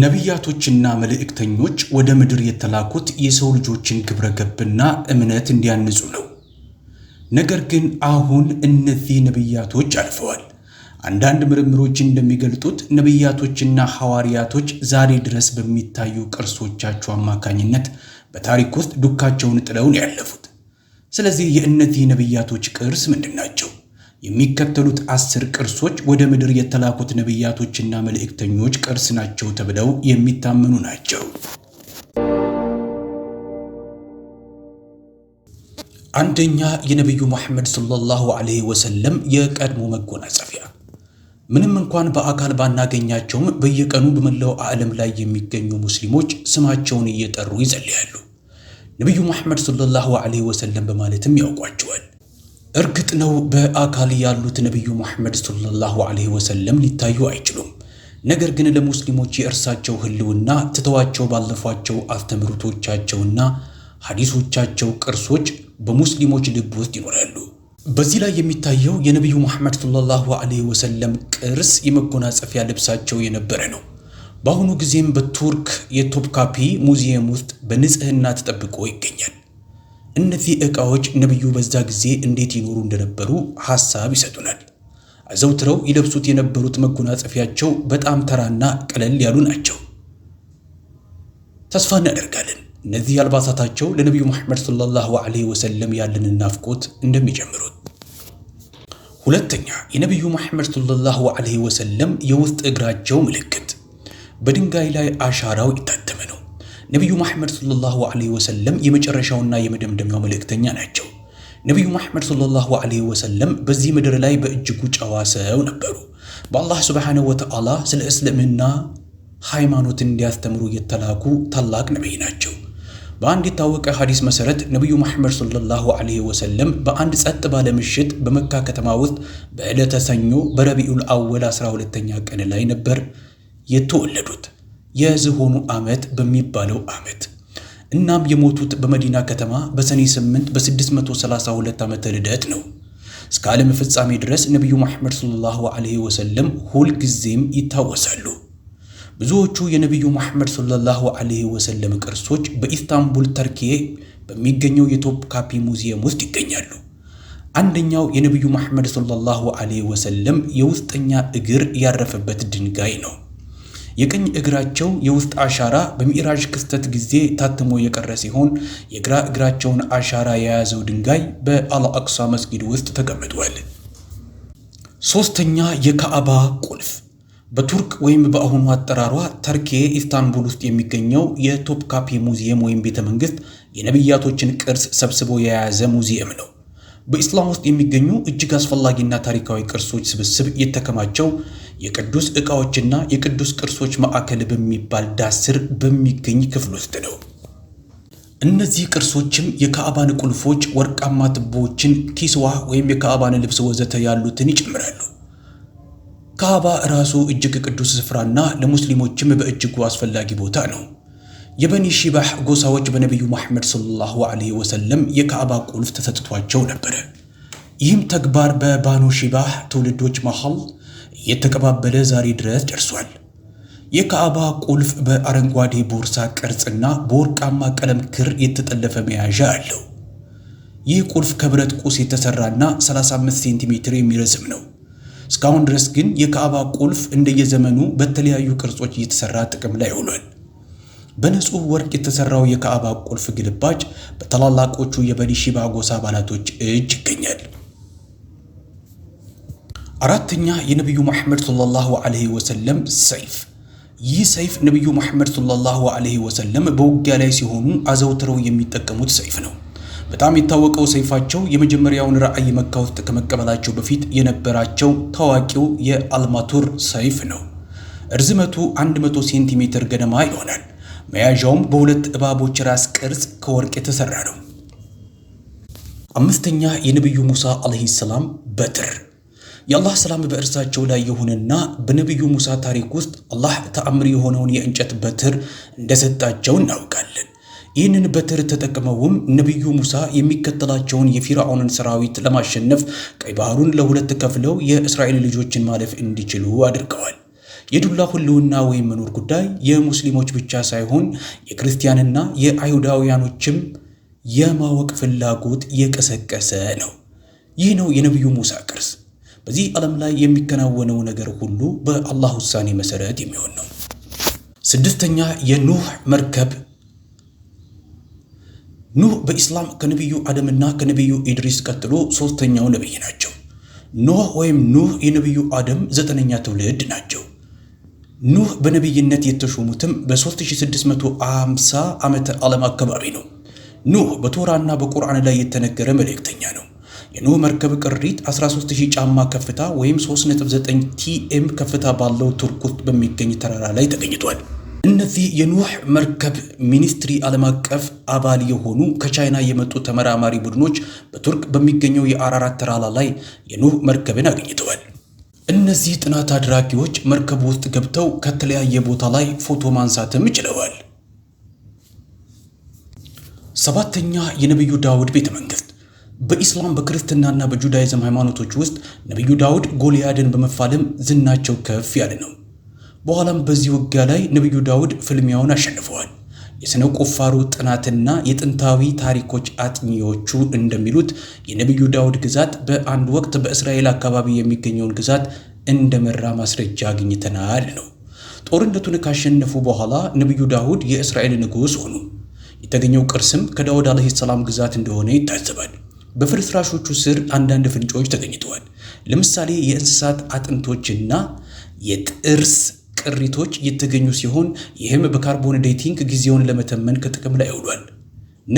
ነቢያቶችና መልእክተኞች ወደ ምድር የተላኩት የሰው ልጆችን ግብረ ገብና እምነት እንዲያንጹ ነው። ነገር ግን አሁን እነዚህ ነቢያቶች አልፈዋል። አንዳንድ ምርምሮች እንደሚገልጡት ነቢያቶችና ሐዋርያቶች ዛሬ ድረስ በሚታዩ ቅርሶቻቸው አማካኝነት በታሪክ ውስጥ ዱካቸውን ጥለውን ያለፉት። ስለዚህ የእነዚህ ነቢያቶች ቅርስ ምንድን ናቸው? የሚከተሉት አስር ቅርሶች ወደ ምድር የተላኩት ነቢያቶችና መልእክተኞች ቅርስ ናቸው ተብለው የሚታመኑ ናቸው። አንደኛ የነቢዩ ሙሐመድ ሰለላሁ ዐለይሂ ወሰለም የቀድሞ መጎናጸፊያ። ምንም እንኳን በአካል ባናገኛቸውም በየቀኑ በመላው ዓለም ላይ የሚገኙ ሙስሊሞች ስማቸውን እየጠሩ ይጸልያሉ። ነቢዩ ሙሐመድ ሰለላሁ ዐለይሂ ወሰለም በማለትም ያውቋቸዋል። እርግጥ ነው በአካል ያሉት ነቢዩ ሙሐመድ ሰለላሁ ዐለይሂ ወሰለም ሊታዩ አይችሉም። ነገር ግን ለሙስሊሞች የእርሳቸው ህልውና ትተዋቸው ባለፏቸው አስተምህሮቶቻቸውና ሐዲሶቻቸው ቅርሶች በሙስሊሞች ልብ ውስጥ ይኖራሉ። በዚህ ላይ የሚታየው የነቢዩ ሙሐመድ ሰለላሁ ዐለይሂ ወሰለም ቅርስ የመጎናጸፊያ ልብሳቸው የነበረ ነው። በአሁኑ ጊዜም በቱርክ የቶፕካፒ ሙዚየም ውስጥ በንጽህና ተጠብቆ ይገኛል። እነዚህ ዕቃዎች ነቢዩ በዛ ጊዜ እንዴት ይኖሩ እንደነበሩ ሐሳብ ይሰጡናል። አዘውትረው ይለብሱት የነበሩት መጎናጸፊያቸው በጣም ተራና ቀለል ያሉ ናቸው። ተስፋ እናደርጋለን እነዚህ አልባሳታቸው ለነቢዩ መሐመድ ሰለላሁ ዐለይሂ ወሰለም ያለንን ናፍቆት እንደሚጨምሩት። ሁለተኛ የነቢዩ መሐመድ ሰለላሁ ዐለይሂ ወሰለም የውስጥ እግራቸው ምልክት በድንጋይ ላይ አሻራው ይታል ነቢዩ መሐመድ ሰለላሁ ዐለይሂ ወሰለም የመጨረሻውና የመደምደሚያው መልእክተኛ ናቸው። ነቢዩ መሐመድ ሰለላሁ ዐለይሂ ወሰለም በዚህ ምድር ላይ በእጅጉ ጨዋ ሰው ነበሩ። በአላህ ሱብሓነሁ ወተዓላ ስለ እስልምና ሃይማኖት እንዲያስተምሩ የተላኩ ታላቅ ነቢይ ናቸው። በአንድ የታወቀ ሐዲስ መሠረት ነቢዩ መሐመድ ሰለላሁ ዐለይሂ ወሰለም በአንድ ጸጥ ባለ ምሽት በመካ ከተማ ውስጥ በዕለተ ሰኞ በረቢዑል አወል 12ኛ ቀን ላይ ነበር የተወለዱት። የዝሆኑ ዓመት በሚባለው ዓመት እናም የሞቱት በመዲና ከተማ በሰኔ 8 በ632 ዓመተ ልደት ነው። እስከ ዓለም ፍጻሜ ድረስ ነቢዩ መሐመድ ሰለላሁ ዐለይሂ ወሰለም ሁልጊዜም ይታወሳሉ። ብዙዎቹ የነቢዩ መሐመድ ሰለላሁ ዐለይሂ ወሰለም ቅርሶች በኢስታንቡል ተርኬ በሚገኘው የቶፕካፒ ሙዚየም ውስጥ ይገኛሉ። አንደኛው የነቢዩ መሐመድ ሰለላሁ ዐለይሂ ወሰለም የውስጠኛ እግር ያረፈበት ድንጋይ ነው። የቀኝ እግራቸው የውስጥ አሻራ በሚዕራጅ ክስተት ጊዜ ታትሞ የቀረ ሲሆን የግራ እግራቸውን አሻራ የያዘው ድንጋይ በአልአቅሷ መስጊድ ውስጥ ተቀምጧል። ሶስተኛ የካዕባ ቁልፍ በቱርክ ወይም በአሁኑ አጠራሯ ተርኬ ኢስታንቡል ውስጥ የሚገኘው የቶፕካፒ ሙዚየም ወይም ቤተ መንግስት የነቢያቶችን ቅርስ ሰብስቦ የያዘ ሙዚየም ነው። በኢስላም ውስጥ የሚገኙ እጅግ አስፈላጊና ታሪካዊ ቅርሶች ስብስብ የተከማቸው የቅዱስ ዕቃዎችና የቅዱስ ቅርሶች ማዕከል በሚባል ዳስር በሚገኝ ክፍል ውስጥ ነው። እነዚህ ቅርሶችም የካዕባን ቁልፎች፣ ወርቃማ ትቦዎችን፣ ኪስዋ ወይም የካዕባን ልብስ ወዘተ ያሉትን ይጨምራሉ። ካዕባ ራሱ እጅግ ቅዱስ ስፍራና ለሙስሊሞችም በእጅጉ አስፈላጊ ቦታ ነው። የበኒ ሺባህ ጎሳዎች በነቢዩ መሐመድ ሰለላሁ ዐለይሂ ወሰለም የካዕባ ቁልፍ ተሰጥቷቸው ነበረ። ይህም ተግባር በባኑ ሺባህ ትውልዶች መሃል እየተቀባበለ ዛሬ ድረስ ደርሷል። የካዕባ ቁልፍ በአረንጓዴ ቦርሳ ቅርጽና በወርቃማ ቀለም ክር የተጠለፈ መያዣ አለው። ይህ ቁልፍ ከብረት ቁስ የተሰራና 35 ሴንቲሜትር የሚረዝም ነው። እስካሁን ድረስ ግን የካዕባ ቁልፍ እንደየዘመኑ በተለያዩ ቅርጾች እየተሰራ ጥቅም ላይ ውሏል። በንጹህ ወርቅ የተሰራው የካዕባ ቁልፍ ግልባጭ በታላላቆቹ የበኒ ሺባ ጎሳ አባላቶች እጅ ይገኛል። አራተኛ የነቢዩ መሐመድ ሰለላሁ ዐለይሂ ወሰለም ሰይፍ። ይህ ሰይፍ ነቢዩ መሐመድ ሰለላሁ ዐለይሂ ወሰለም በውጊያ ላይ ሲሆኑ አዘውትረው የሚጠቀሙት ሰይፍ ነው። በጣም የታወቀው ሰይፋቸው የመጀመሪያውን ራእይ መካ ውስጥ ከመቀበላቸው በፊት የነበራቸው ታዋቂው የአልማቱር ሰይፍ ነው። እርዝመቱ 100 ሴንቲሜትር ገደማ ይሆናል። መያዣውም በሁለት እባቦች ራስ ቅርጽ ከወርቅ የተሰራ ነው። አምስተኛ የነቢዩ ሙሳ ዐለይሂ ሰላም በትር የአላህ ሰላም በእርሳቸው ላይ የሆነና በነቢዩ ሙሳ ታሪክ ውስጥ አላህ ተአምር የሆነውን የእንጨት በትር እንደሰጣቸው እናውቃለን። ይህንን በትር ተጠቅመውም ነቢዩ ሙሳ የሚከተላቸውን የፊርዓውንን ሰራዊት ለማሸነፍ ቀይ ባህሩን ለሁለት ከፍለው የእስራኤል ልጆችን ማለፍ እንዲችሉ አድርገዋል። የዱላ ሁልውና ወይም መኖር ጉዳይ የሙስሊሞች ብቻ ሳይሆን የክርስቲያንና የአይሁዳውያኖችም የማወቅ ፍላጎት የቀሰቀሰ ነው። ይህ ነው የነቢዩ ሙሳ ቅርስ። በዚህ ዓለም ላይ የሚከናወነው ነገር ሁሉ በአላህ ውሳኔ መሰረት የሚሆን ነው። ስድስተኛ የኑህ መርከብ ኑህ በኢስላም ከነቢዩ አደምና ከነቢዩ ኢድሪስ ቀጥሎ ሶስተኛው ነቢይ ናቸው። ኖህ ወይም ኑህ የነቢዩ አደም ዘጠነኛ ትውልድ ናቸው። ኑህ በነቢይነት የተሾሙትም በ3650 ዓመተ ዓለም አካባቢ ነው። ኑህ በቶራና በቁርአን ላይ የተነገረ መልእክተኛ ነው። የኖህ መርከብ ቅሪት 13000 ጫማ ከፍታ ወይም 3.9 ቲኤም ከፍታ ባለው ቱርክ ውስጥ በሚገኝ ተራራ ላይ ተገኝቷል። እነዚህ የኖህ መርከብ ሚኒስትሪ ዓለም አቀፍ አባል የሆኑ ከቻይና የመጡ ተመራማሪ ቡድኖች በቱርክ በሚገኘው የአራራት ተራራ ላይ የኖህ መርከብን አገኝተዋል። እነዚህ ጥናት አድራጊዎች መርከቡ ውስጥ ገብተው ከተለያየ ቦታ ላይ ፎቶ ማንሳትም ችለዋል። ሰባተኛ የነቢዩ ዳውድ ቤተ መንግስት በኢስላም በክርስትናና በጁዳይዝም ሃይማኖቶች ውስጥ ነቢዩ ዳውድ ጎልያድን በመፋለም ዝናቸው ከፍ ያለ ነው። በኋላም በዚህ ውጊያ ላይ ነቢዩ ዳውድ ፍልሚያውን አሸንፈዋል። የሥነ ቁፋሩ ጥናትና የጥንታዊ ታሪኮች አጥኚዎቹ እንደሚሉት የነቢዩ ዳውድ ግዛት በአንድ ወቅት በእስራኤል አካባቢ የሚገኘውን ግዛት እንደመራ ማስረጃ አግኝተናል ነው። ጦርነቱን ካሸነፉ በኋላ ነቢዩ ዳውድ የእስራኤል ንጉሥ ሆኑ። የተገኘው ቅርስም ከዳውድ ዓለይሂ ሰላም ግዛት እንደሆነ ይታዘባል። በፍርስራሾቹ ስር አንዳንድ ፍንጮች ተገኝተዋል። ለምሳሌ የእንስሳት አጥንቶችና የጥርስ ቅሪቶች የተገኙ ሲሆን ይህም በካርቦን ዴቲንግ ጊዜውን ለመተመን ከጥቅም ላይ ውሏል።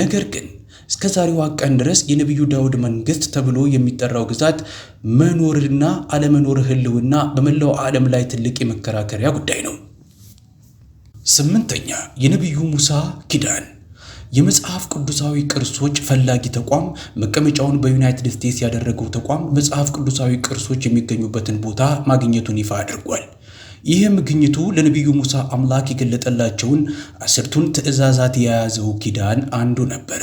ነገር ግን እስከ ዛሬዋ ቀን ድረስ የነቢዩ ዳውድ መንግስት ተብሎ የሚጠራው ግዛት መኖርና አለመኖር ህልውና በመላው ዓለም ላይ ትልቅ የመከራከሪያ ጉዳይ ነው። ስምንተኛ የነቢዩ ሙሳ ኪዳን የመጽሐፍ ቅዱሳዊ ቅርሶች ፈላጊ ተቋም መቀመጫውን በዩናይትድ ስቴትስ ያደረገው ተቋም መጽሐፍ ቅዱሳዊ ቅርሶች የሚገኙበትን ቦታ ማግኘቱን ይፋ አድርጓል። ይህም ግኝቱ ለነቢዩ ሙሳ አምላክ የገለጠላቸውን አስርቱን ትእዛዛት የያዘው ኪዳን አንዱ ነበረ።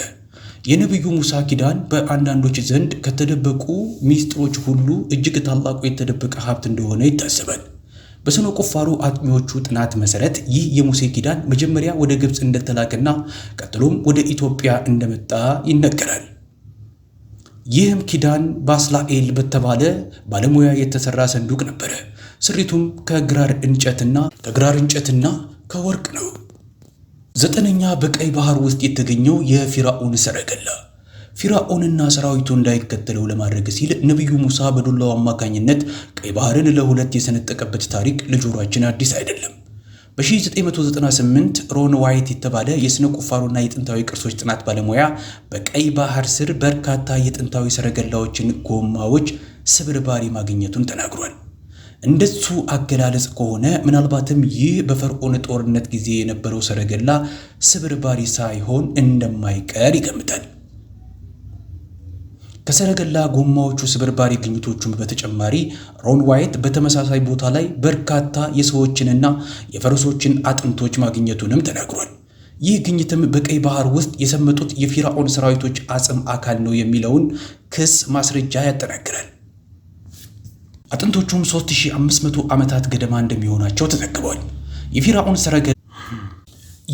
የነቢዩ ሙሳ ኪዳን በአንዳንዶች ዘንድ ከተደበቁ ሚስጥሮች ሁሉ እጅግ ታላቁ የተደበቀ ሀብት እንደሆነ ይታሰባል። በስነ ቁፋሮ አጥኚዎቹ ጥናት መሰረት ይህ የሙሴ ኪዳን መጀመሪያ ወደ ግብፅ እንደተላከና ቀጥሎም ወደ ኢትዮጵያ እንደመጣ ይነገራል። ይህም ኪዳን በአስላኤል በተባለ ባለሙያ የተሰራ ሰንዱቅ ነበረ። ስሪቱም ከግራር እንጨትና ከግራር እንጨትና ከወርቅ ነው። ዘጠነኛ በቀይ ባህር ውስጥ የተገኘው የፊራኦን ሰረገላ ፊራኦንና ሰራዊቱ እንዳይከተለው ለማድረግ ሲል ነቢዩ ሙሳ በዱላው አማካኝነት ቀይ ባህርን ለሁለት የሰነጠቀበት ታሪክ ለጆሮችን አዲስ አይደለም። በ1998 ሮን ዋይት የተባለ የሥነ ቁፋሮና የጥንታዊ ቅርሶች ጥናት ባለሙያ በቀይ ባህር ስር በርካታ የጥንታዊ ሰረገላዎችን ጎማዎች ስብርባሪ ማግኘቱን ተናግሯል። እንደሱ አገላለጽ ከሆነ ምናልባትም ይህ በፈርዖን ጦርነት ጊዜ የነበረው ሰረገላ ስብርባሪ ሳይሆን እንደማይቀር ይገምታል። ከሰረገላ ጎማዎቹ ስብርባሪ ግኝቶቹም በተጨማሪ ሮን ዋይት በተመሳሳይ ቦታ ላይ በርካታ የሰዎችንና የፈረሶችን አጥንቶች ማግኘቱንም ተናግሯል። ይህ ግኝትም በቀይ ባህር ውስጥ የሰመጡት የፊራኦን ሰራዊቶች አጽም አካል ነው የሚለውን ክስ ማስረጃ ያጠናክራል። አጥንቶቹም 3500 ዓመታት ገደማ እንደሚሆናቸው ተዘግቧል። የፊራኦን ሰረገላ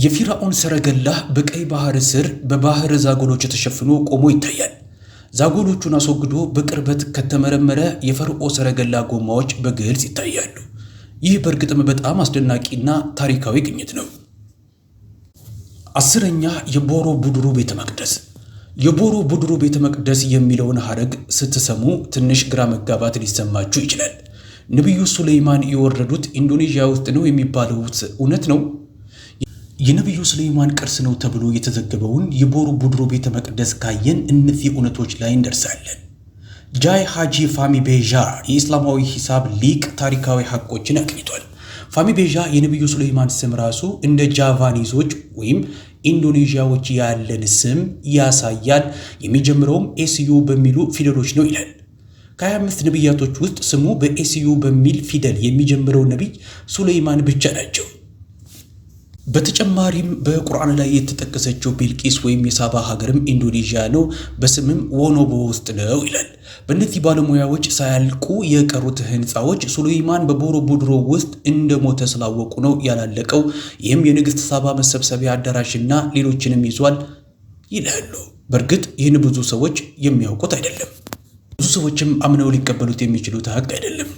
የፊራኦን ሰረገላ በቀይ ባህር ስር በባህር ዛጎሎች ተሸፍኖ ቆሞ ይታያል። ዛጎሎቹን አስወግዶ በቅርበት ከተመረመረ የፈርዖ ሰረገላ ጎማዎች በግልጽ ይታያሉ። ይህ በእርግጥም በጣም አስደናቂና ታሪካዊ ቅኝት ነው። አስረኛ የቦሮ ቡድሩ ቤተ መቅደስ። የቦሮ ቡድሩ ቤተ መቅደስ የሚለውን ሐረግ ስትሰሙ ትንሽ ግራ መጋባት ሊሰማችሁ ይችላል። ነቢዩ ሱሌይማን የወረዱት ኢንዶኔዥያ ውስጥ ነው የሚባለው እውነት ነው? የነቢዩ ሱሌይማን ቅርስ ነው ተብሎ የተዘገበውን የቦሩ ቡድሮ ቤተ መቅደስ ካየን እነዚህ እውነቶች ላይ እንደርሳለን። ጃይ ሃጂ ፋሚ ቤዣ የእስላማዊ ሂሳብ ሊቅ ታሪካዊ ሐቆችን አቅኝቷል። ፋሚ ቤዣ የነቢዩ ሱሌይማን ስም ራሱ እንደ ጃቫኒዞች ወይም ኢንዶኔዥያዎች ያለን ስም ያሳያል። የሚጀምረውም ኤስዩ በሚሉ ፊደሎች ነው ይላል። ከ25 ነቢያቶች ውስጥ ስሙ በኤስዩ በሚል ፊደል የሚጀምረው ነቢይ ሱሌይማን ብቻ ናቸው። በተጨማሪም በቁርአን ላይ የተጠቀሰችው ቤልቂስ ወይም የሳባ ሀገርም ኢንዶኔዥያ ነው፣ በስምም ወኖቦ ውስጥ ነው ይላል። በእነዚህ ባለሙያዎች ሳያልቁ የቀሩት ህንፃዎች ሱሌይማን ቡድሮ ውስጥ እንደሞተ ስላወቁ ነው ያላለቀው። ይህም የንግሥት ሳባ መሰብሰቢያ አዳራሽና ሌሎችንም ይዟል ይላሉ። በእርግጥ ይህን ብዙ ሰዎች የሚያውቁት አይደለም፣ ብዙ ሰዎችም አምነው ሊቀበሉት የሚችሉት ሀቅ አይደለም።